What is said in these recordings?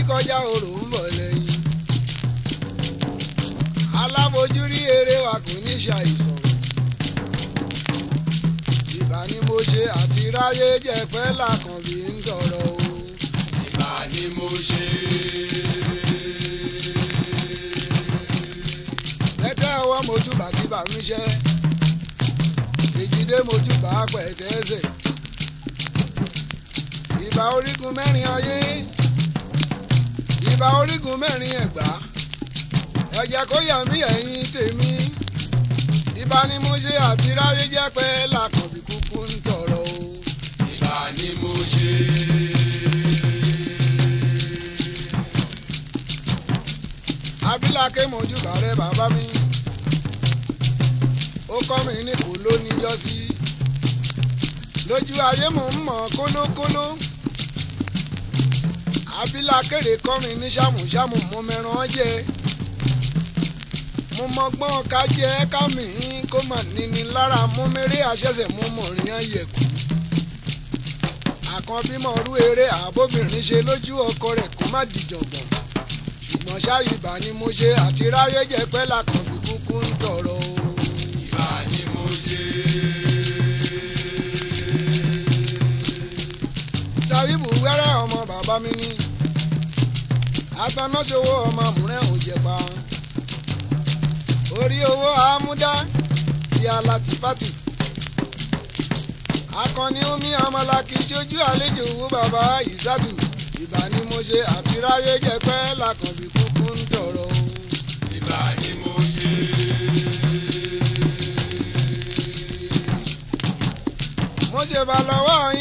rí kọjá òrò ń bọ̀ lẹ́yìn. aláfojúrí eré wa kò ní ṣàìsàn. ìbá ni mo ṣe àti ráyé jẹ́ pẹ́ làkàn. kọ́mi ní kò ló níjọ́ sí lójú ayé mò ń mọ̀ kólókóló abílà kéré kọ́mi ní ṣàmùṣàmù mo mẹ́ràn jẹ mo mọgbọ́n ká jẹ́ kámi kó mọ̀ níní lára mú mẹ́rẹ́ àṣẹ̀ṣẹ̀ mo mọ̀ rìnyàn yẹ̀kú àkànbí mọ̀ rú eré àbóbìnrin ṣe lójú ọkọ rẹ̀ kó má dìjọ̀gbọ̀n ṣùgbọ́n ṣáyìbá ni mo ṣe àti ráyé jẹ́ pẹ́ lákàn pa mí ní. atanájowó ọmọ múrẹ́ ò jẹ pa. orí owó àmúdá ti alátìpátì. akọni omi amalaki jójú àlejò owó bàbá ìsátù ìbà ni mo ṣe àtiráyé jẹ pẹ́ làkànbí kúkú ń tọrọ o. ni mo ṣe. mo ṣe bá lọ́wọ́ yín.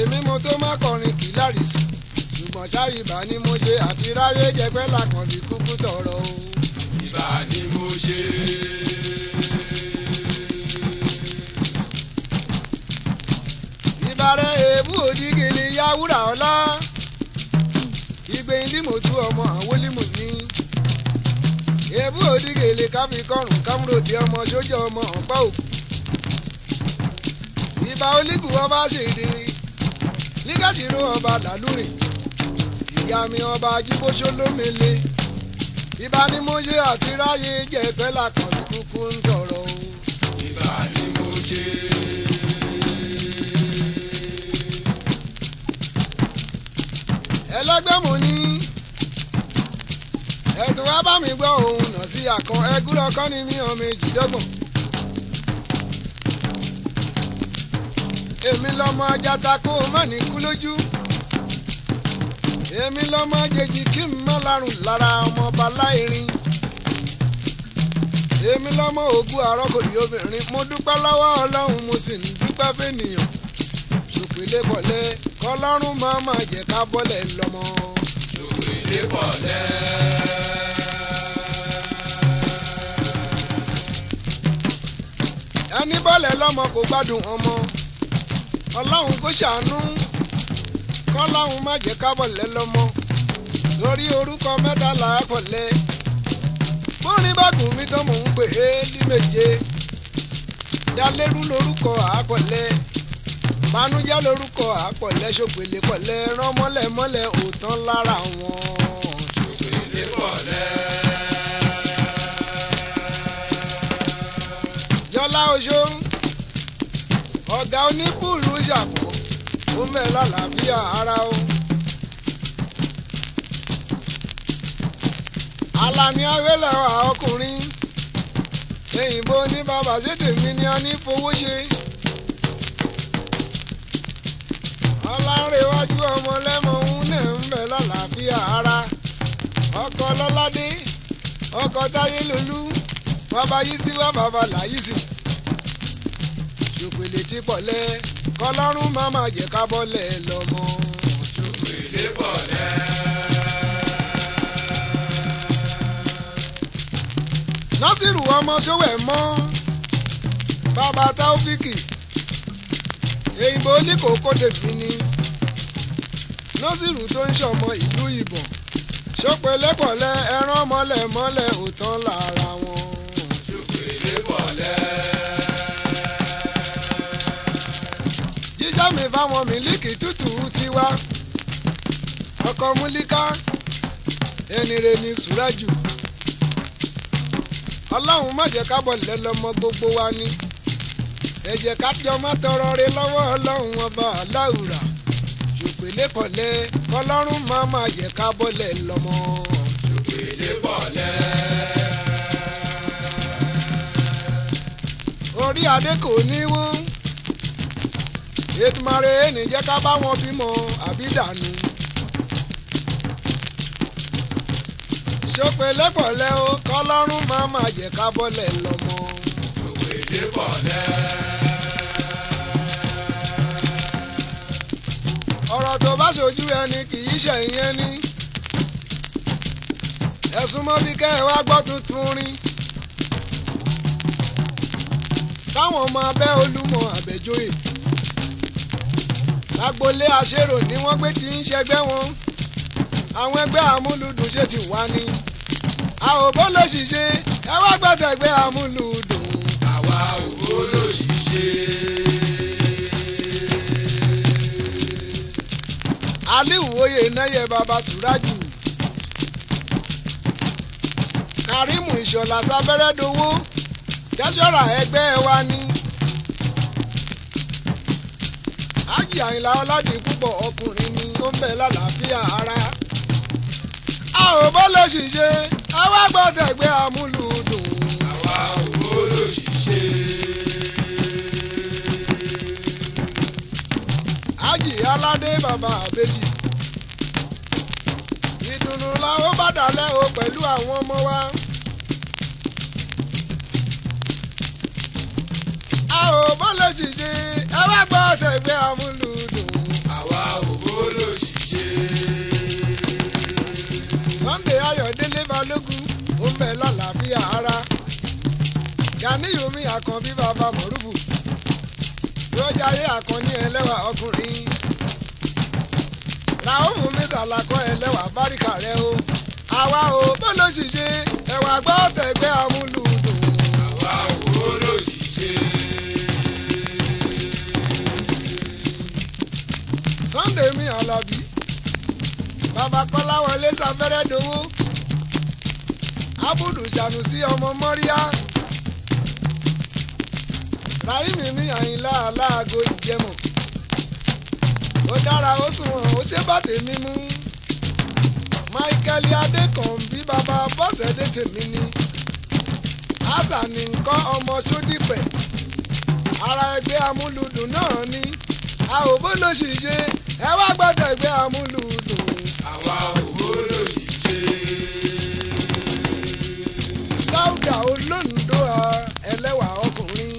èmi mo tó má kọrin kì lárísù ṣùgbọ́n ṣáà ìbà ni mo ṣe àti ráyé jẹgbẹ́ làkànbí kúkú tọrọ o. ìbà ni mo ṣe. ìbàrẹ̀ èébú òdìgìlì yáwúrà ọlá ìgbẹ̀yìn tí mo tú ọmọ àwọn olímù ní. èébú òdìgìlì káfíkọ́rùn kámúròdì ọmọ sójà ọmọ ọ̀pá òkú. ìbà olíkùú ọba ṣèdè jáde-ró ọba làlúrìn ìyá mi ọba ajíbóṣó lómele ìbánimóye àti ráyè jẹ̀fẹ́ làkàndú kúkú ń tọrọ o. ìbánimóye. ẹlẹgbẹ́ mo ní ẹ̀dùn wá bá mi gbọ́ òun nà sí àkàn ẹgúrọ̀ kọ́ni mi ọmọ èjìdọ́gbọ̀n. èmi lọmọ jata kó má ní kú lójú èmi lọmọ jèjì kí n má larùn lára ọmọọba láìrin èmi lọmọ ògùn àrọkòyí obìnrin mo dúpẹ́ lọ́wọ́ ọlọ́run mo sì ń dúpẹ́ fẹ́nìyàn ṣòpèlé bọ̀lẹ́ kọlọ́run máa máa jẹ́ ká bọ́lẹ̀ lọ́mọ. ṣòpèlé bọ̀lẹ́. ẹni bọ́lẹ̀ lọ́mọ kò gbádùn ọmọ ṣàánú kọ́ láwọn má jẹ́ kábọ̀lẹ́ lọ́mọ lórí orúkọ mẹ́ta là á kọ̀lẹ́ bórin bá gùn mí tán mò ń pè é ní méje dalérú lórúkọ àákọ̀lẹ́ manújẹ́ lórúkọ àákọ̀lẹ́ ṣògbèlè kọ̀lẹ́ rán mọ́lẹ̀ òótán lára wọn. ṣògbèlè kọ̀lẹ́. yọlá oṣó ọ̀gá onípùlù ṣàpọ̀ ó mẹ́la làbíà ara o. Alani Awélẹ́wà ọkùnrin èyìnbó ní bàbá ṣètèmí ni a ní fowó ṣe. Ọlárẹ̀wájú ọmọ lẹ́mọ̀ ara. Ọkọ Lọ́ládé, ọkọ Táyé Lolú, bàbá yìí sí wá bàbá làyìí sí ṣògbèlè ti bọ̀lẹ́ kọlọ́run má má jẹ́ ká bọ́lẹ̀ lọ́mọ. ṣògbèlè bọ̀lẹ́. násìrù ọmọ sówẹ̀ mọ́ bàbá táófìkì èyìnbó oníkòókò tèmi ni násìrù tó ń ṣọmọ ìlú ìbọn ṣọpẹ́ lẹ́bọ̀lẹ́ ẹran mọ́lẹ̀ mọ́lẹ̀ òtán lára wọn. sẹ́mi fáwọn mílíkì tútù tiwa ọkọ múlíká ẹnire ní sùràjù ọlọ́run má jẹ́ ká bọ̀lẹ́ lọ́mọ gbogbo wa ni ẹ jẹ́ ká jọ má tọrọ re lọ́wọ́ ọlọ́run ọba aláwùrà ṣùpèlé pọ̀lẹ́ kọlọ́run má má jẹ́ ká bọ̀lẹ́ lọ́mọ. ṣùpèlé pọ̀lẹ́. orí adé kò ní wọ́n. Èdùmàrè ẹni jẹ́ ká bá wọn bímọ àbí dànù. ṣọpẹ́ lẹ́bọ̀lẹ́ o kọ́lọ́run máa máa jẹ́ ká bọ́lẹ̀ lọ́mọ. òwe débọ̀lẹ́. ọ̀rọ̀ tó bá ṣojú ẹni kì í ṣẹ̀yìn ẹni. ẹ̀sùn mọ́bí kẹ́ ẹ wá gbọ́ tuntun rin. táwọn ọmọ abẹ́ olúmọ àbẹ̀jọ́yè agboolé aṣèrò ni wọ́n gbé ti ń ṣẹgbẹ́ wọn àwọn ẹgbẹ́ amúlùdùn ṣe ti wá ní. àwòbó ló ṣiṣẹ́ ẹ wá gbọ́dọ̀ ẹgbẹ́ amúlùdùn. àwa òbó ló ṣiṣẹ́. aliu oyè náyẹ baba suraju karimu ìṣọ̀lá sábẹ́rẹ́ dowó tẹ́sọ̀rà ẹgbẹ́ wa ni. Àyìnlá ọlọ́dì púpọ̀ ọkùnrin ni ó ń bẹ lálàáfíà ara. a ò bó lè ṣìṣe àwa gbọ́dọ̀ ẹgbẹ́ amúlùdùn. aládé bàbá àbèjì ìdùnnú la ó bá dálẹ̀ o pẹ̀lú àwọn ọmọ wa. a ò bó lè ṣìṣe àwa gbọ́dọ̀ ẹgbẹ́ amúlùdùn. olóṣìṣẹ́ ẹ̀wà gbọ́ tẹ̀gbẹ́ amúlùdùn. àwa kò olóṣìṣẹ́. Sunday mi Àlàbí bàbá kọ́láwọlé sáfẹ́rẹ́ dowó abudu janu sí ọmọ mọ́ríà rahimi mi àyìnlá aláàgọ́ ìjẹmọ̀ ó dára ó sùn wọn ó ṣe bàtẹ́ mímú michael adékànbí bàbá bọ́sẹ̀dé tèmi ni ásà ní nǹkan ọmọ sódìpẹ̀ ara ẹgbẹ́ amúlùdùn náà ni a ò bó ló sì ṣe ẹ wá gbọ́dọ̀ ẹgbẹ́ amúlùdùn. àwa ò bó ló sì ṣe. dáúdà olóńdó ẹlẹ́wà ọkùnrin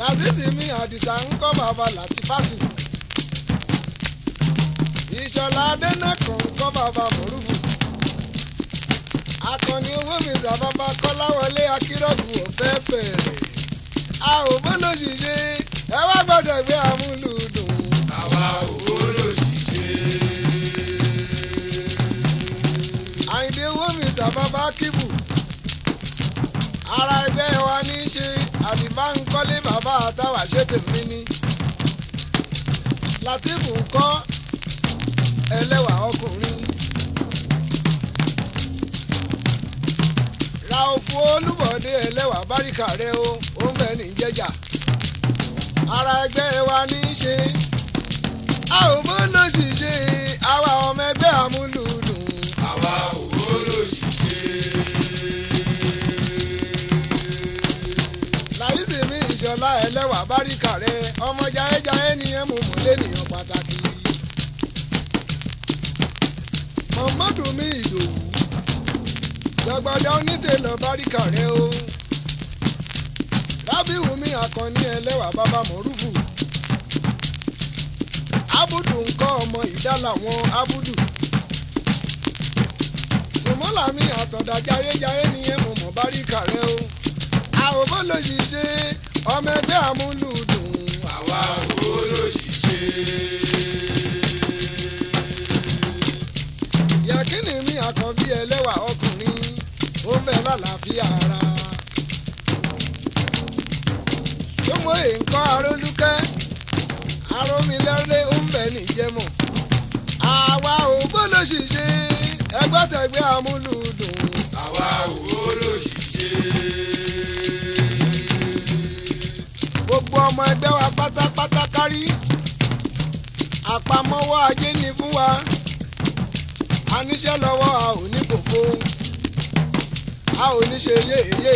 làzízì mi àdìsá ń kọ́ bàbá látìfásù ìṣọ̀lá adẹ́nà kan kọ́ bàbá mọ̀rúfù akọni owó mi sàbàbà kọ́láwọlé akírọ́gù ọ̀fẹ́ fẹ̀rẹ̀ a ò bólóṣìṣẹ́ ẹ wá gbọ́dọ̀ gbé amúlùdùn. àwa ò bólóṣìṣẹ́. àyìndé owó mi sàbàbà kíbù ara ẹgbẹ́ wa ní í ṣe àdìbá ń kọ́lé bàbá àtàwà ṣe tèmi ni látìfù ń kọ́ ẹlẹ́wà ọkùnrin. wo olúbọ̀dé ẹlẹ́wà báríkà rẹ o ó ń bẹ ní ara ẹgbẹ́ wa ní í ṣe a ò mọ́ náà sì ṣe àwa ọmọ ẹgbẹ́ àmúlù. ṣe yéye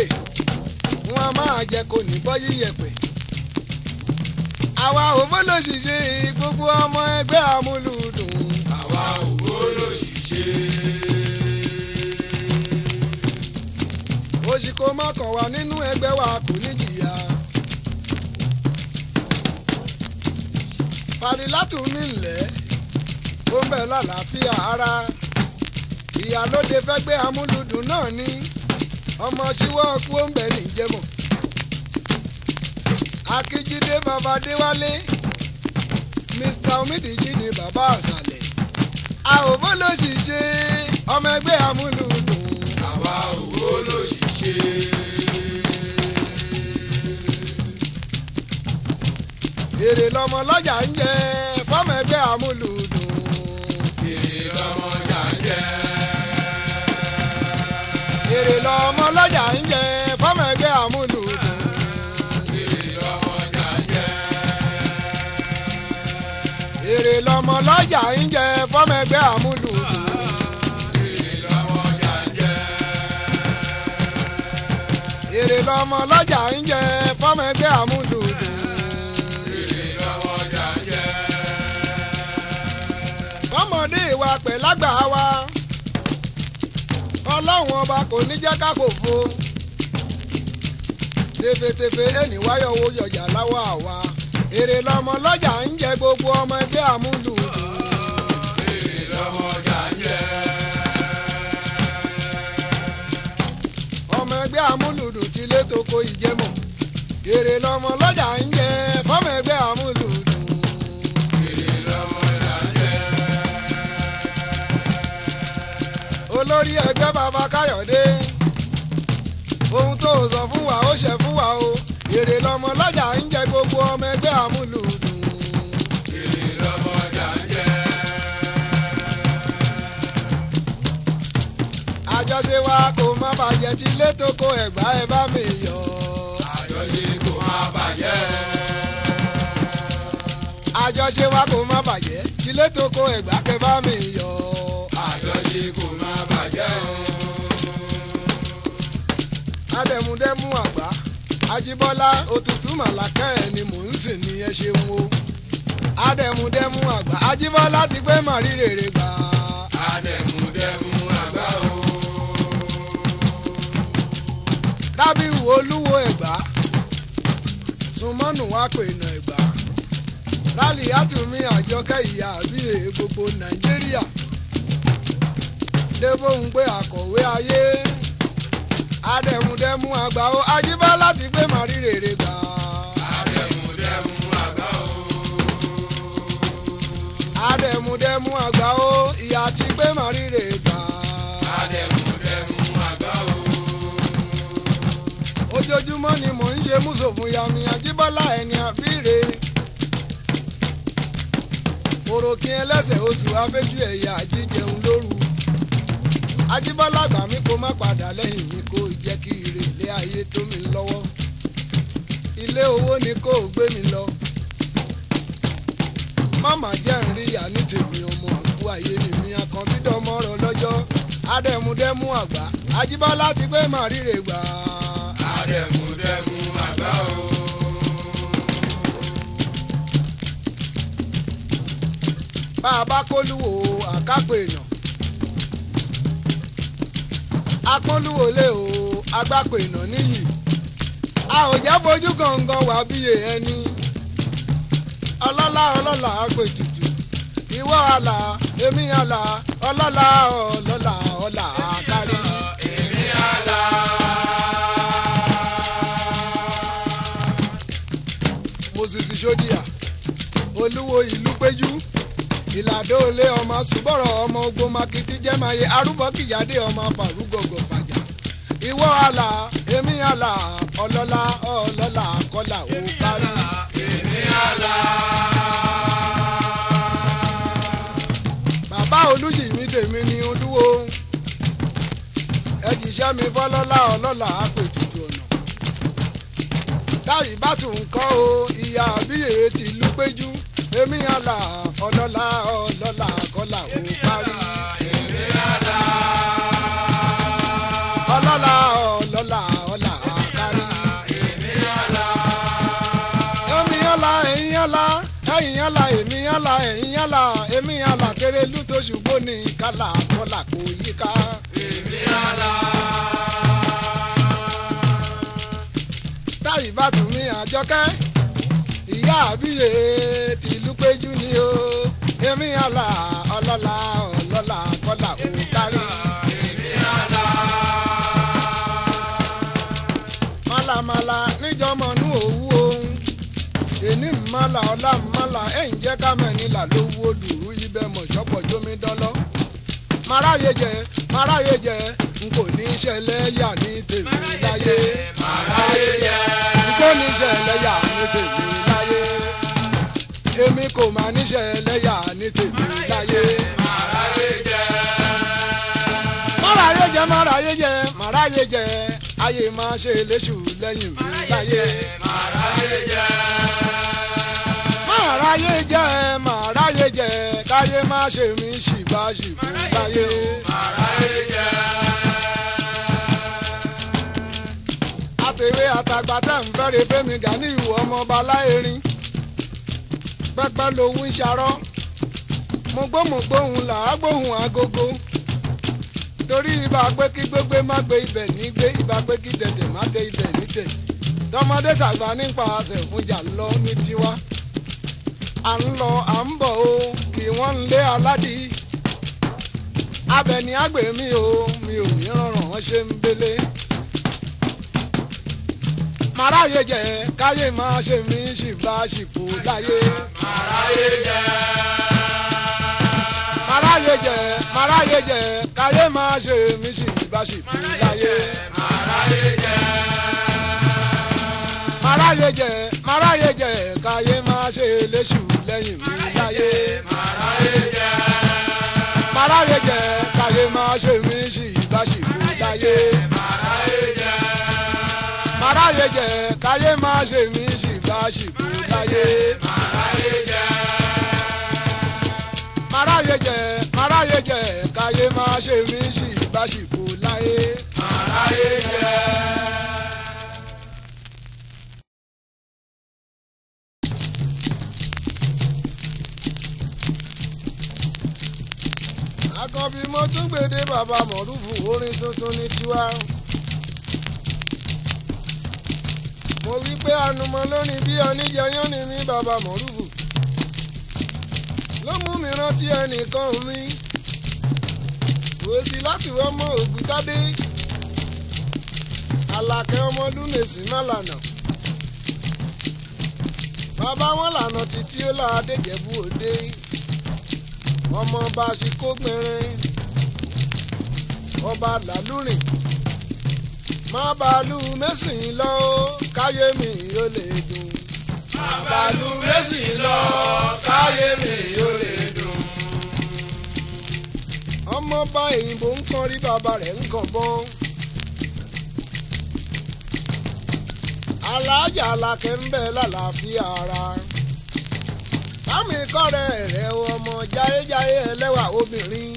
wọn a máa jẹ kò ní bọ́ yíyẹ̀pẹ̀. àwa òwò ló ṣiṣẹ́ gbogbo ọmọ ẹgbẹ́ amúlùdùn. àwa òwò ló ṣiṣẹ́. oṣù kò mọ́kàn wá nínú ẹgbẹ́ wa kò ní jìyà. fàdílátù mi lẹ̀ ó ń bẹ̀ lálàáfíà ara ìyálóde fẹ́ gbé amúlùdùn náà ní ọmọ tí wọ́n kú ó ń bẹ̀ ní ìjẹ́mọ̀ akíjídé bàbá déwálé mr omidiji ni bàbá àṣàlẹ̀ àwòbó ló sì ṣe ọmọ ẹgbẹ́ amúlùdùn. àwa òwò ló sì ṣe. èrè lọmọ lọ́jà ń jẹ fọ́mọ ẹgbẹ́ amúlùdùn. lọ́mọ lọ́jà ń jẹ fọ́mọ ẹgbẹ́ àmúlò. èrè lọ́mọ lọ́jà ń jẹ fọ́mọ. kò ní jẹ́ ká kò tefetefe ẹnì owó yọjà láwọ̀ àwa èrè lọmọ lọ́jà ń jẹ gbogbo ọmọ ẹgbẹ́ àmúlù. ọmọ ẹgbẹ́ ti èrè lọmọ lọ́jà ń jẹ fọmọ ẹgbẹ́ àmúlù. olórí ẹgbẹ́ bàbá káyọ̀dé ohun tó sọ fún wa ó ṣe fún wa o èrè lọmọ lọ́jà ń jẹ gbogbo ọmọ ẹgbẹ́ àmúlù. àjọṣe wa kò má bàjẹ́ tí létòkò ẹ̀gbá ẹ bá mi yọ̀. àjọṣe kò má bàjẹ́. àjọṣe wa kò má bàjẹ́ tí létòkò ẹ̀gbá kẹ bá mi yọ̀. àjọṣe kò má bàjẹ́. adẹ̀múdẹ́mú àgbà Ajíbọ́lá òtútù màlàkà ẹ̀ ni mò ń sìn ní ẹ ṣeun o adẹ̀múdẹ́mú àgbà Ajíbọ́lá ti pé màrí rèrè gbà. adẹ̀múdẹ́mú àgbà o. rábìwù olúwo ẹ̀gbá súnmọ́nù wa pè nà ẹ̀gbá rálì àtúnmí àjọkẹ́ ìyá àbí gbogbo Nàìjíríà débòun pé àkọ̀wé ayé àdẹ̀mùdẹ̀mù àgbà o ajíbá láti gbé màrí rèrè gbà. àdẹ̀mùdẹ̀mù àgbà o. àdẹ̀mùdẹ̀mù àgbà o ìyá ti gbé màrí rèrè gbà. àdẹ̀mùdẹ̀mù àgbà yami ajíbọ́lá ẹni àbíire. òròkìn ẹlẹ́sẹ̀ oṣù abẹ́jú ẹ̀yà jíjẹun lóru ajíbọ́lá gbà mí kó má padà lẹ́yìn mi ilé ayé tó mi lọ́wọ́ ilé owó ni kò gbé mi lọ màmá jẹ́ ń rí ìyá ní tèmi ọmọ àgbo ayé ni mi àkànbídọ́mọ́ rọ lọ́jọ́ àdẹ̀múdẹ́mú àgbà Àjíbọ́lá ti gbé màríre gbà. àdẹ̀múdẹ́mú àgbà o. bá a bá kólúwo àkápò èèyàn akólúwo lé o. agbáko ìnà níyì a ò jẹ́ fojú gangan wà bíye ẹni ọlọ́lá ọlọ́lá agbètùtù ìwọ àlà èmi àlà ọlọ́lá ọlọ́lá ọlá kárí. èmi àlà. Moses olúwo ìlú péjú ìlàdó olé ọmọ ṣùgbọ́rọ̀ ọmọ ogun makiti jẹ́mayé arúgbó ọmọ fàrúgọ̀gọ̀ fàjẹ́. ìwọ àlà èmi àlà ọlọ́lá ọlọ́lá kọ́là ó kárí. èmi àlà. bàbá olùyìmí tèmi ni olúwo ẹ jìṣẹ́ mi fọlọ́lá ọlọ́lá àpètùtù ọ̀nà. láyìí bá tún kọ́ o ìyá àbíyè ti lù péjú èmi àlà. yálà èmi yálà ẹ̀yin yálà èmi yálà Kérélú tó ṣùgbó ní ìkálà kọlà kò yíká. èmi yálà. táyì bá tún mi àjọkẹ́ ìyá àbíyè tìlú péjú ni o èmi yálà ọlọ́lá ọlọ́lá kọlà kò kárí. èmi yálà. màlàmàlà níjọ́ mọ̀nú òwú ohun èní màlà ọlá mọ̀ mọ́là ẹ̀yìn jẹ́ kámẹ́ nílà lówó olùrú ibẹ̀ mọ̀ ṣọ́pọ̀ jómi dọ́lọ́. maráyé jẹ maráyé jẹ n kò ní ṣẹlẹ̀ yà ní tèmi láyé. maráyé jẹ n kò ní ṣẹlẹ̀ yà ní tèmi láyé. èmi kò máa ní ṣẹlẹ̀ yà ní tèmi láyé. maráyé jẹ maráyé jẹ maráyé jẹ maráyé jẹ ayé máa ṣe léṣù lẹ́yìn mi láyé. maráyé jẹ ráyé jẹ mà ráyé jẹ káyé má ṣe mí ṣìbáṣìbò báyé o. mà ráyé jẹ. àtẹ̀wé àtàgbà tẹ̀ ń fẹ́rẹ̀ fẹ́mi gani ìwọ ọmọọba láyérin pẹ́pẹ́ lòun ń ṣarọ́ mo gbóhùn gbóhùn làá gbóhùn agogo torí ibà pé kí gbégbé má gbé ibẹ̀ ní gbé ibà pé kí dẹ̀dẹ̀ má dé ibẹ̀ ní tẹ̀ tọmọdé tàgbà nípa àṣẹ fúnjà lọ ní tiwa à ń lọ à ń bọ̀ o bí wọ́n ń lé aládì abẹni àgbè mi o mi ò ní rọrùn wọn ṣe ń belé màráyé jẹ káyé máa ṣe mí ṣìbá ṣìbò láyé. màráyé jẹ. màráyé jẹ màráyé jẹ káyé máa ṣe mí ṣìbá ṣìbò láyé. màráyé jẹ. màráyé jẹ màráyé jẹ káyé máa ṣe léṣù lẹ́yìn mi láyé. màráyé jẹ́. màráyé jẹ́ káyé máa ṣe mí sí ìbáṣì mi láyé. màráyé jẹ́. màráyé jẹ́ káyé máa ṣe mí sí ìbáṣì mi láyé. màráyé jẹ́. màráyé jẹ́ màráyé máa ṣe mí. Baba mọ̀rúfù orin tuntun ní tiwa. mo wí pé anumọ lónìí bí oníjẹyán ni mí bàbá mọ̀rúfù ló mú mi rántí ẹnìkan mi òsì láti wọ́n mọ ògùntádé àlàkẹ́ ọmọdún lèsì má lànà bàbá wọn lànà títí ó là á dèjẹ́bú òde ọmọ bá a ṣe kó gbẹrin ọba làlúrìn má bàálù mẹ́sìn lọ káyé mi ò lè dùn. má bàálù mẹ́sìn lọ káyé mi ò lè dùn. ọmọ bá èyìnbó ń kọ́ rí bàbá rẹ̀ ń kàn bọ́. alájà alákẹ́ ń bẹ lálàáfíà ara. bámi kọ́ rẹ̀ rẹ̀ ọmọ jáyéjáyé ẹlẹ́wà obìnrin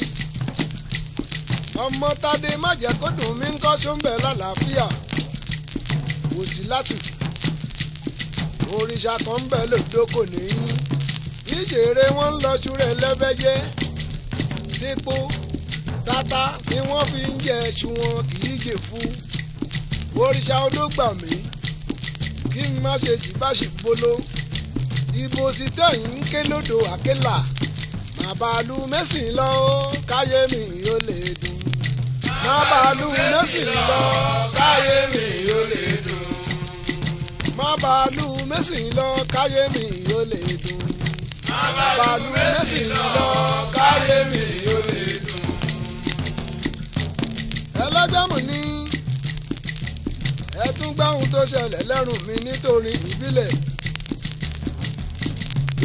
ọmọ tade má jẹ́ kó dùn mí ń kọ́ sóńbẹ̀ lálàáfíà kò sí láti òrìṣà kan ń bẹ lòdó kò ní í ìṣeré wọn ń lọ ṣúrẹ́ lẹ́bẹ́jẹ́ dípò tata ni wọ́n fi ń jẹ ẹṣu wọn kì í jẹ fún òrìṣà olóògbà mi kí n má ṣe ṣìbáṣì bolo ibo sì tẹ̀yìn ń ké lódò àkélà bàbá lu mẹ́sìn lọ́ọ́ káyé mi ò lè dùn máa bá a lù iná sì ń lọ káyé mi ò lè dùn. máa bá a lù mẹ́sì ń lọ káyé mi ò lè dùn. máa bá a lù mẹ́sì ń lọ káyé mi ò lè dùn. ẹlẹ́gbẹ́mù ní ẹ tún gbáhùn tó ṣẹlẹ̀ lẹ́rùn mi nítorí ìbílẹ̀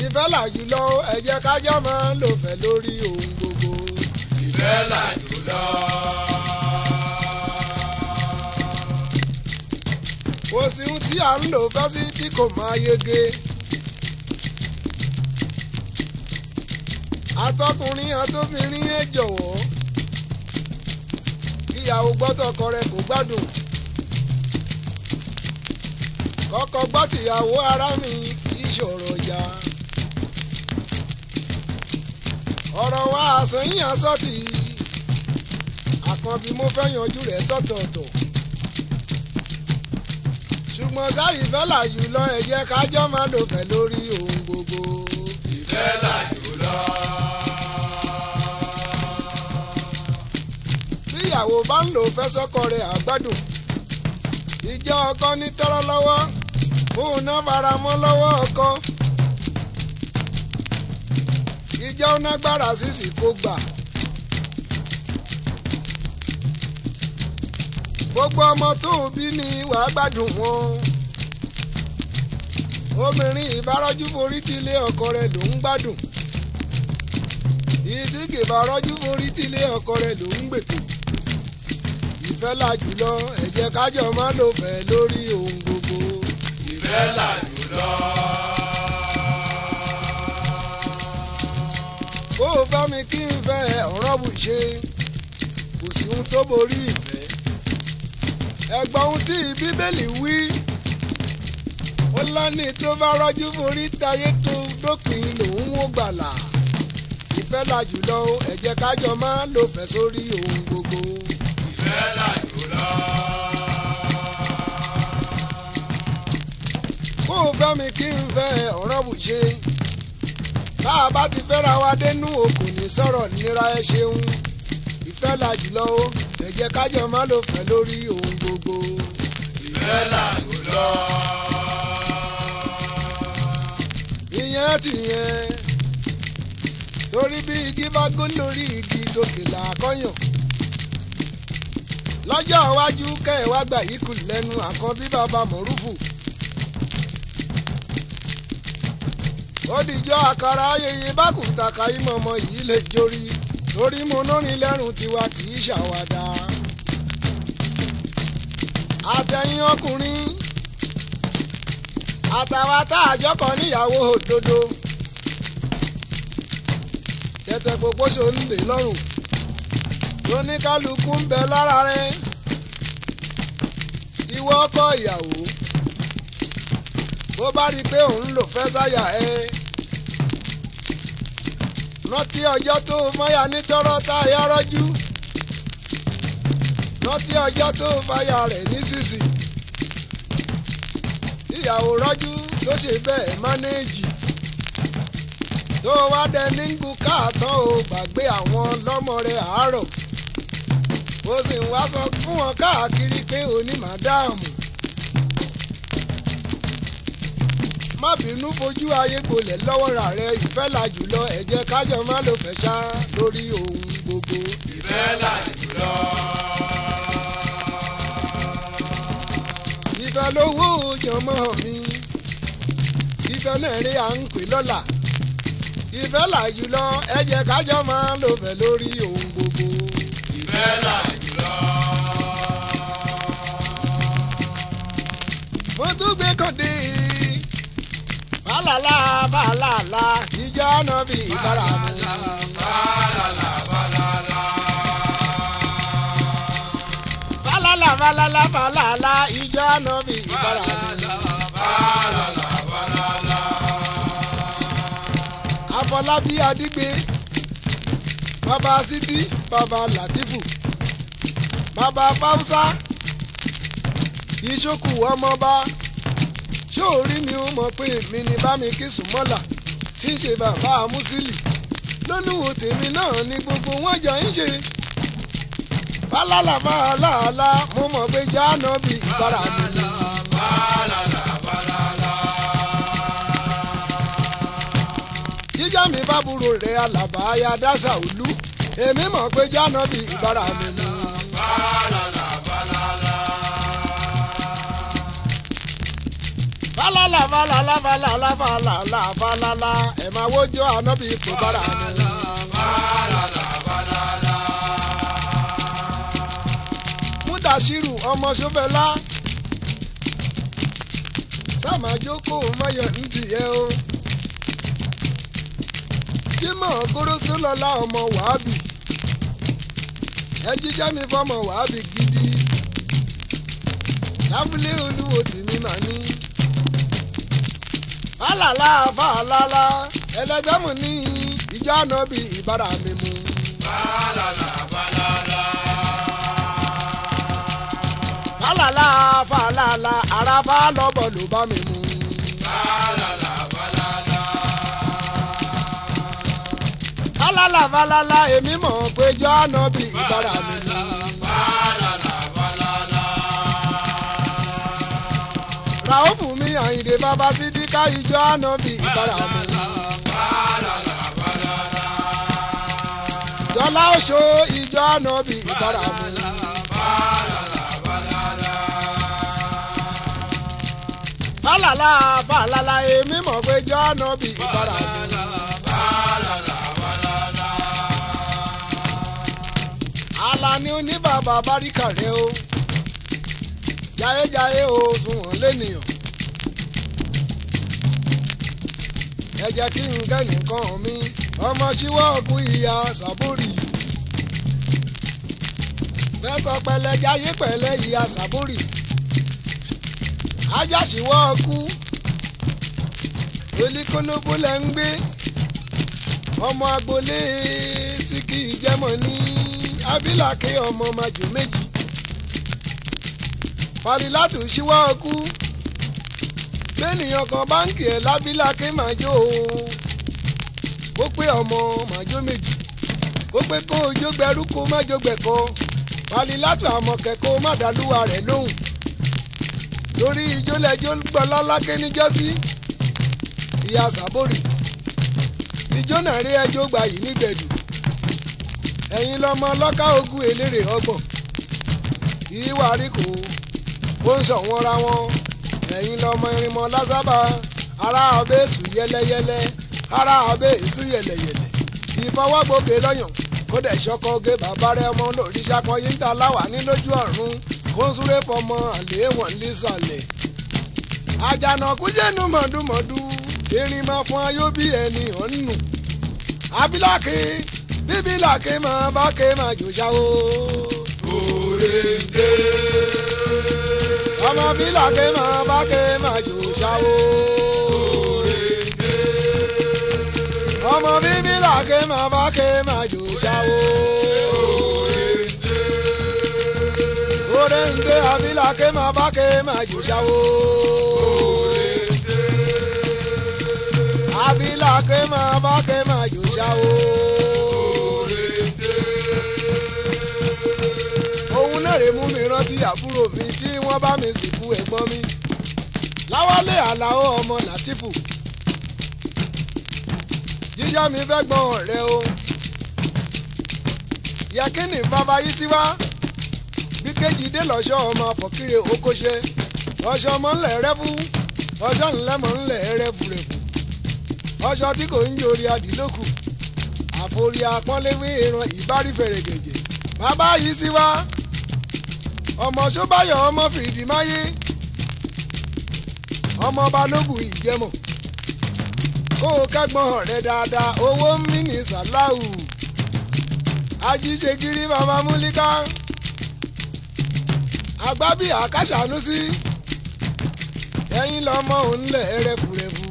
ìfẹ́ làjùlọ ẹ jẹ́ kájọ́ máa ń lò fẹ́ lórí ohun gbogbo. ìfẹ́ làjùlọ. kò sí ohun tí à ń lò fásí tí kò máa yege. atọ́kùnrin atóbìnrin ẹ jọ̀wọ́ kíyàwó gbọ́tọ̀kọ rẹ kò gbádùn kọ́kọ́ gbọ́ tìyàwó ara mi kì í ṣòro ya. ọ̀rọ̀ wa àsẹ̀yìn àsọ̀tì àkànbí mo fẹ́ yanjú rẹ̀ sọ́tọ̀ọ̀tọ̀ ṣùgbọ́n sáyì ìfẹ́ làjù lọ ẹ jẹ́ kájọ́ máa lò fẹ́ lórí ohun gbogbo. ìfẹ́ làjù lọ. tíyàwó bá ń lò fẹ́ sọ́kọ rẹ̀ àgbàdùn ìjọ ọkọ ní tọ́rọ́ lọ́wọ́ òun náà fara mọ́ lọ́wọ́ ọkọ ìjọ náà gbára sísì kó gbà. gbogbo ọmọ tó bí ni wàá gbádùn wọn obìnrin ìbárọ́jú forí ti lé ọkọ rẹ̀ ló ń gbádùn ìdíkì ìbárọ́jú forí ti lé ọkọ rẹ̀ ló ń gbètò ìfẹ́ là jùlọ ẹ jẹ́ kájọ má lò fẹ́ lórí ohun gbogbo. ìfẹ́ là jùlọ. bó o bá mi kí n fẹ́ ọ̀rọ̀ bù ṣe kò sí ohun tó borí ìfẹ́ ẹ̀gbọ́n ohun tí bíbélì wí ó lọ́ni tó bá rọ́jú forí tayé tó dópin lòun ó gbàlà ìfẹ́ là jùlọ ẹ jẹ́ kájọ máa lò fẹ́ sórí ohun gbogbo. ìfẹ́ là jùlọ. kó o fẹ́ mi kí n fẹ́ ọ̀rọ̀ bùṣe tá a bá ti fẹ́ra wa dénú okùn ní sọ̀rọ̀ nira ẹ ṣeun ìfẹ́ là jùlọ o kájọ máa lò fẹ́ lórí ohun mẹ́là kò lọ. ìyẹn tìyẹn torí bí igi bá gún lórí igi dòkè làákọ́yàn lọ́jọ́ iwájú kẹwàá gbà yìí kù lẹ́nu àkànbí bàbá mọ̀rúfù. ó dìjọ́ àkàrà ayẹyẹ bákùntàkà ìmọ̀ọ́mọ yìí lè jórí torí mo lórin lẹ́rùn tiwa kì í ṣàwàdà àtẹ̀yìn ọkùnrin àtàwọn tá àjọkọ̀ níyàwó òdodo tẹ̀tẹ̀ gbogbo ṣe ń lè lọ́rùn lóníkálukú ń bẹ lára rẹ ìwọ ọkọ ìyàwó bó bá rí i pé òun lò fẹ́ sáyà ẹ rántí ọjọ́ tó mọ́yà nítorọ́ tá a yá rọ́jú rántí ọjọ́ tó fàyà rẹ̀ nísinsì ìyàwó rọ́jú tó ṣe bẹ́ẹ̀ mánéèjì tó wá dẹ nígbù káàtọ́ ò gbàgbé àwọn lọ́mọ rẹ̀ àárọ̀ ó sì ń wá sọ fún wọn káàkiri pé òní màdáàmù má bínú fojú ayé gbolẹ̀ lọ́wọ́ rà rẹ ìfẹ́ là jùlọ ẹ̀jẹ̀ kájọ má ló fẹ́ ṣá lórí òun. mi ìfẹ́ náà rí à ń pè lọ́la ìfẹ́ là jùlọ ẹ jẹ́ kájọ máa lò fẹ́ lórí ohun gbogbo. ìfẹ́ là jùlọ. mo tún gbé kòdì fàlàlà fàlàlà ìjọ náà fi ìbára mi. fàlàlà fàlàlà. fàlàlà fàlàlà fàlàlà ìjọ náà fi ìbára mi. fọlábí adigbe bàbá sídí bàbá làtífù bàbá fáwùsá ìṣókù ọmọba ṣóòrí mi ó mọ̀ pé èmi ni bámi kí sùmọ́là tí ń ṣe bàbá amúsílì lólùwò tèmi náà ni gbogbo wọn jọ ń ṣe fálálà máa láàlá mo mọ̀ pé jáànà bíi ìbára mi níjọ́ mi bá burú rẹ̀ alàbá ya dásà olú èmi mọ̀ pé jáná bí ìbára mi ni. falala falala falala falala falala ẹ̀ máa wójú àná bí kò bára mi ni. Mudasiru ọmọ Sọfẹlá sáà máa jókòó mọ́yọ̀ ń Fatima Gorosolọ́lá ọmọ wàhábì ẹ jíjẹ́ mi fọmọ wàhábì gidi lábúlé olúwo tèmi mà ní. bálàlá bálàlá ẹlẹgbẹ́mu ní ìjọ ànábì ìbára mi mu. bálàlá bálàlá. bálàlá bálàlá àràfà lọ́bọ̀ ló bá mi mu. fálálà fálálà èmi mọ̀ pé jọ́nà bí ìbára mi ni. ràófù mi àyìndé bàbá sídíkà ìjọ àná bí ìbára mi ni. jọlá oṣó ìjọ àná bí ìbára mi ni. fálálà fálálà èmi mọ̀ pé jọ́nà bí ìbára mi Alani oníbàbà báríkà rẹ o jayéjayé o sunwọ̀n lẹ́nìyàn ẹ jẹ́ kí n kẹ́ nìkan mi ọmọ ṣíwọ́ ọ̀kú ìyá sàbórì mẹ́sàn pẹ̀lẹ́ jayé pẹ̀lẹ́ ìyá sàbórì ajá ṣíwọ́ ọ̀kú olíkólóbó lẹ́ ń gbé ọmọ agboolé síkì ìjẹ́mọ̀ ní abilake ọmọ màjò méjì farilátù ṣíwá ọkú bẹ́ẹ̀nìyàn kan banki, ẹ̀ lábílàkè màjò kó pé ọmọ màjò méjì kó pé kó o jó gbẹrú kó má jó gbẹ̀kọ́ farilátù àmọ̀kẹ́ kó má dàlúwa rẹ̀ lóhùn lórí ìjólẹ́jọ́ gbọ́lá lákè níjọ́sí ìyá sàbórì ìjó náà rí ẹjọ́ gbà ẹ̀yin lọ́mọ lọ́kà ogun eléré ọgbọ̀n ìwà àríkò ó ń sọ wọn ra wọn ẹ̀yin lọ́mọ irinmọ lásábà ara àbẹ́sù yẹlẹyẹlẹ ara àbẹ́sù yẹlẹyẹlẹ ìfọwọ́gbòkè lọ́yàn ó dẹ̀ ṣọkọ oge bàbá rẹ ọmọ lórí ṣakọ yìí ń ta láwà ní lójú ọ̀run kó ń súré fọmọ àlè wọn lísàlẹ̀ àjànàkú jẹ́nu mọ̀dúmọ̀dú erin fún ayọ́ ẹni ọ̀nù abiláki bíbí làkè máa bá kè máa jò ṣá o. òrè ń dé. ọmọ bí làkè máa bá kè máa jò ṣá o. òrè ń dé. ọmọ bíbí làkè máa bá kè máa jò ṣá o. òrè ń dé. òrè ń dé àbí máa bá kè máa jò ṣá o. òrè ń dé. àbí máa bá kè máa jò ṣá o. àbúrò mi tí wọ́n bá mi sìnkú ẹ̀gbọ́n mi láwálé àlàó ọmọ látìfù jíjẹ́ mi fẹ́ gbọ́n ọ̀rẹ́ o yakini bàbá yìí sí wá bí kejì dé lọ́ṣọ́ ọmọ fọ̀kìrì okóṣe ọṣọ ọmọ ńlẹ̀ rẹ́fù ọṣọ ńlẹ́mọ̀ ńlẹ̀ rẹ́fù rẹ́fù ọṣọ tí kò ń yorí adìlókù àforí apọ́nlẹ́wé ìran ìbárí fèrègèjè bàbá yìí sí wá ọmọ tó bá yọ ọmọ fìdí máyé ọmọ balógun ìjẹmọ kó o kẹgbọn ọ̀rẹ́ dáadáa owó ń mí ní sàláù ajíṣegiri bàbá múlíká agbábí àkàṣàánú sí ẹ̀yin lọmọ òun lẹ rẹfurẹfu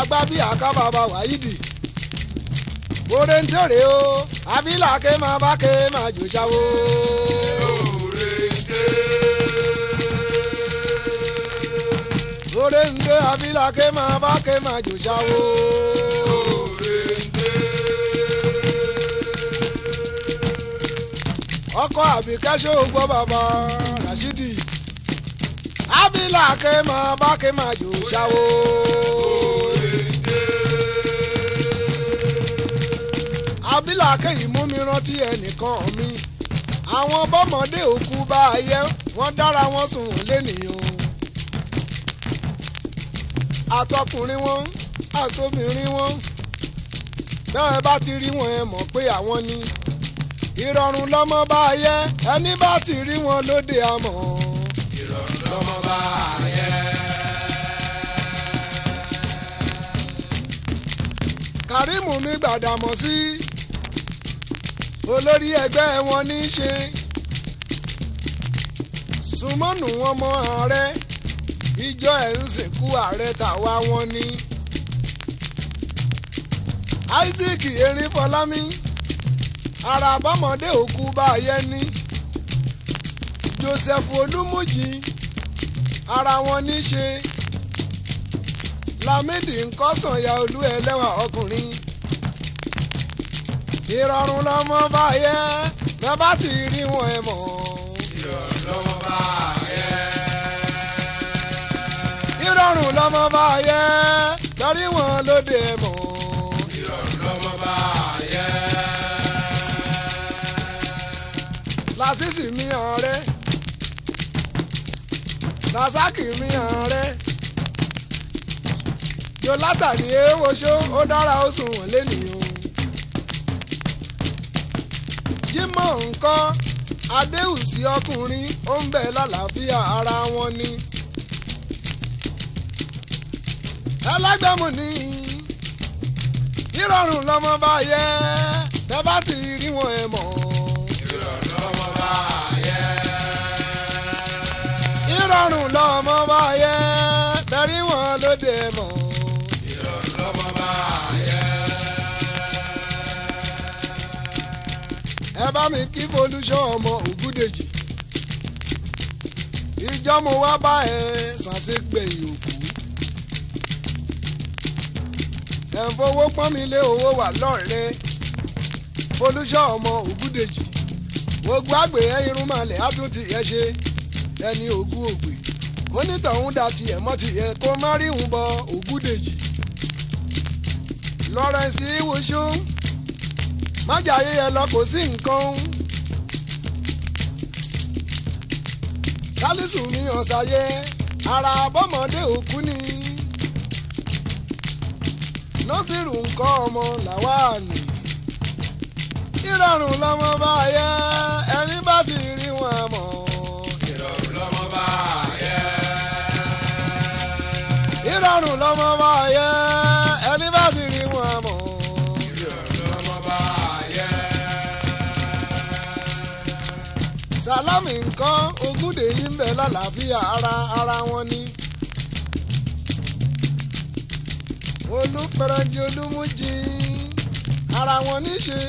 agbábí àkàbàbà wáyé òre ń tèrè o abilàké máa bá ké máa jò ṣáwó. òre ń tè. òre ń tè abilàké máa bá ké máa jò ṣáwó. òre ń tè. ọkọ àbíkẹ́ ṣó gbọ́ bàbá Rashidi abilàké máa bá ké máa jò ṣáwó. làákàyè mú mi rántí ẹnìkan mi àwọn bọ́mọdé òkú bá a yẹ wọ́n dára wọ́n sùn lẹ́nìyàn àtọkùnrin wọn àtobìnrin wọn bẹ́ẹ̀ bá ti rí wọn ẹ mọ̀ pé àwọn ni ìrọ̀rùn lọ́mọ bá a yẹ ẹni bá ti rí wọn lóde àmọ́ ìrọ̀rùn lọ́mọ bá a yẹ. Kàrímù mi Gbàdàmọ́sí olórí ẹgbẹ́ wọn ní í ṣe súnmọ́nù wọn mọ́ ààrẹ ìjọ ẹ̀ ń sìnkú ààrẹ tàwa wọn ni Isaac erin Fọlámi ara àbámọ̀dé òkú báyẹn ni Joseph Olúmújì ara wọn ní í ṣe Lámídì ńkọ́sànyà olú ẹlẹ́wà ọkùnrin ìrọ̀rùn lọ́mọ bá yẹ bẹ́ẹ̀ bá ti rí wọn ẹ mọ̀. ìrọ̀rùn lọ́mọ bá yẹ. ìrọ̀rùn lọ́mọ bá yẹ lórí wọn lóde ẹ mọ̀. ìrọ̀rùn lọ́mọ bá yẹ. Lásìsì mi ọ̀rẹ́ Rasaki mi ọ̀rẹ́ Jonathan ni èèwọ̀ ṣó ó dára ó sùn wọ́n lé nìyó. náà ń kọ́ adéhùsí ọkùnrin ó ń bẹ lálàáfíà ara wọn ni. ẹlẹ́gbẹ̀mù ni ìrọ̀rùn lọ́mọ bá yẹ bẹ́ẹ̀ bá ti rí wọn ẹ mọ̀. ìrọ̀rùn lọ́mọ bá yẹ. bẹ́ẹ̀ rí wọn lóde mọ̀. ẹ bá mi kí folúṣọ ọmọ ògúdèjì ìjọ mo wá bá ẹ ṣàṣegbẹ̀yìn òkú ẹ ń fowó pọ́n mi lé owó wà lọ́rẹ́ folúṣọ ọmọ ògúdèjì gbogbo àgbè ẹ irun malẹ̀ á tún tiẹ̀ ṣe ẹni ògú ògbè onítọ̀hún da tiẹ̀ mọ́ tiẹ̀ kó má rí òun bọ ògúdèjì lọ́rẹ́nsì wosùn májà yíyẹ lọ kò sí nǹkan. sálísù mi ọ̀sàyẹ ara bọ́mọdé òkú ni. nọ́sìrù nǹkan ọmọ làwáàní. ìrọ̀rùn lọ́mọ bá yẹ ẹni bá ti rí wọn mọ̀. ìrọ̀rùn lọ́mọ bá yẹ. ìrọ̀rùn lọ́mọ bá yẹ. sálámì nǹkan ogúndèyí ń bẹ lálàáfíà ara ara wọn ni. olúfẹ́rẹ́jì olúmújì ara wọn níṣe.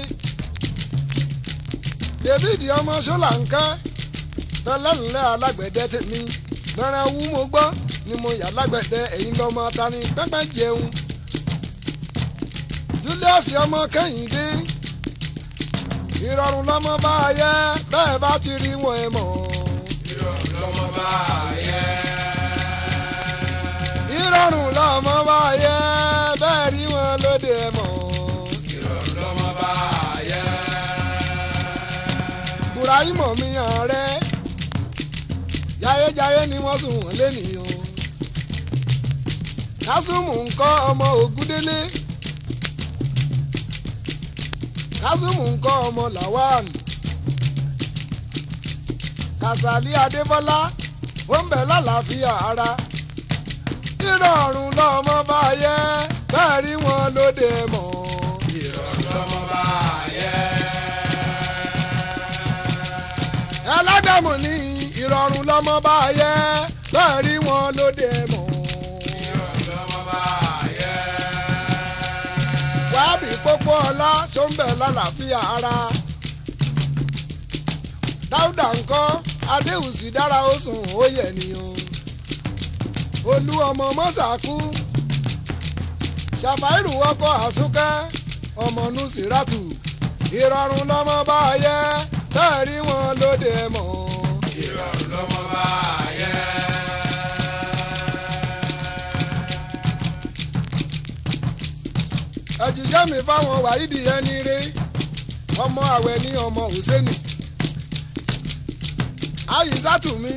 david ọmọ sọ́là ń kẹ́ lọ́lọ́nlẹ́ alágbẹ̀dẹ tèmi lọ́rẹ́ wú mo gbọ́ ni mo yà lágbẹ̀dẹ ẹ̀yìn lọ́mọ tani pẹ́pẹ́ jẹun. julius ọmọ kẹ́hìndé ìrọ̀rùn lọ́mọ bá a yẹ bẹ́ẹ̀ bá ti rí wọn ẹ mọ̀. ìrọ̀rùn lọ́mọ bá a yẹ. ìrọ̀rùn lọ́mọ bá a yẹ bẹ́ẹ̀ rí wọn lóde ẹ mọ̀. ìrọ̀rùn lọ́mọ bá a yẹ. mi hàn rẹ jayéjayé ni wọ́n sùn wọ́n lé nìyẹn. Kásùmù ń kọ́ ọmọ Ògúndélé. Kazumu ńkọ́ ọmọ lawan kàsálí adébọ́lá ó ń bẹ lálàáfíà ara ìrọ̀rùn lọ́mọ bá yẹ bẹ́ẹ̀ rí wọn lóde mọ́. ìrọ̀rùn lọ́mọ bá yẹ. ẹlẹ́dàmù ni ìrọ̀rùn lọ́mọ bá yẹ bẹ́ẹ̀ rí wọn lóde mọ́. tó ń bẹ̀ lálàáfíà ara dáúdà ńkọ́ adéhùsì dára ó sùn ó yẹ̀ nìyàn olú ọmọ mọ́sàkú ṣàfàìrù ọkọ̀ àsúnkẹ́ ọmọ nùsíràtù ìrọ̀rùn lọ́mọ bá yẹ bẹ́ẹ̀ rí wọn lóde mọ́. kẹ́mi fáwọn wàhídì ẹni re ọmọ àwẹ̀ ní ọmọ Hùsẹ́nì àyíṣàtù mi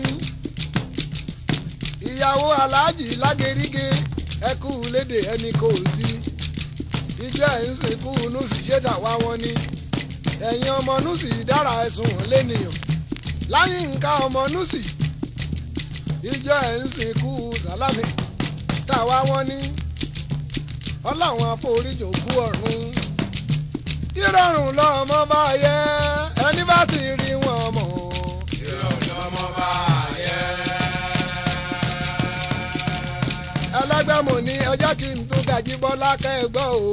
ìyàwó aláàjì lágẹ̀rígẹ̀ ẹkú lédè ẹni kò sí ìjọ ẹ̀ ń sìnkú nùsì ṣẹ́jà wá wọn ni ẹ̀yin ọmọ nùsì dára ẹ̀sùn lẹ́nìyàn láyé nǹka ọmọ nùsì ìjọ ẹ̀ ń sìnkú sàlámì tàwa wọn ni ọláwọn àforíjòkú ọ̀run ìrọ̀rùn lọ́mọ bá yẹ ẹni bá ti rí wọn mọ̀. ìrọ̀rùn lọ́mọ bá yẹ. ẹlẹ́gbẹ́mọ̀ ní ọjọ́ kí n tún gàjí bọ́lá kẹ́gbọ́ o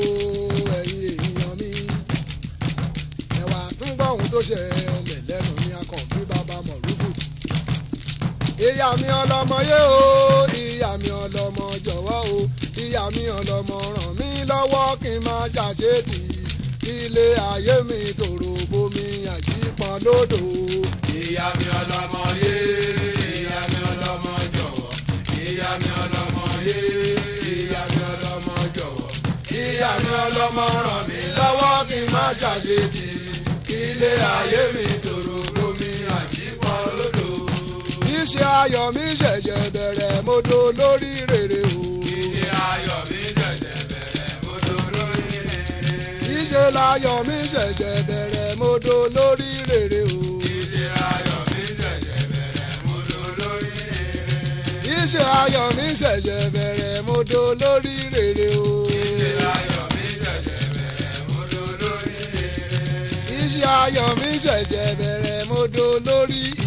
ẹ̀yin èèyàn mi ẹ̀wà tún gbọ́ ohun tó ṣe ọmọ ẹ̀lẹ́nu ní akọ̀bí bàbá mọ̀rúfù. ìyá mi ọlọ́mọ yé o ìyá mi ọlọ́mọ jọ̀wọ́ o mi ọlọ́mọ ràn mí lọ́wọ́ kí n máa jàṣe tì ilé ayé mi tòrò bomi àjípọn lódò. ìyá mi ọlọ́mọ yé ìyá mi ọlọ́mọ jọ̀wọ́ ìyá mi ọlọ́mọ yé ìyá mi ọlọ́mọ jọ̀wọ́ ìyá mi ọlọ́mọ ràn mí lọ́wọ́ kí n máa jàṣe tì ilé ayé mi tòrò bomi àjípọn lódò. iṣẹ́ ayọ̀ mi ṣẹ̀ṣẹ̀ bẹ̀rẹ̀ mo do lórí rere. láyọ̀ mi ṣẹ̀ṣẹ̀ bẹ̀rẹ̀ mo do lórí rere o. ìṣe ayọ̀ mi ṣẹ̀ṣẹ̀ bẹ̀rẹ̀ mo do lórí rere. ìṣe ayọ̀ mi ṣẹ̀ṣẹ̀ bẹ̀rẹ̀ mo do lórí rere o. ìṣe ayọ̀ mi ṣẹ̀ṣẹ̀ bẹ̀rẹ̀ mo do lórí rere. ìṣe ayọ̀ mi ṣẹ̀ṣẹ̀ bẹ̀rẹ̀ mo do lórí rere.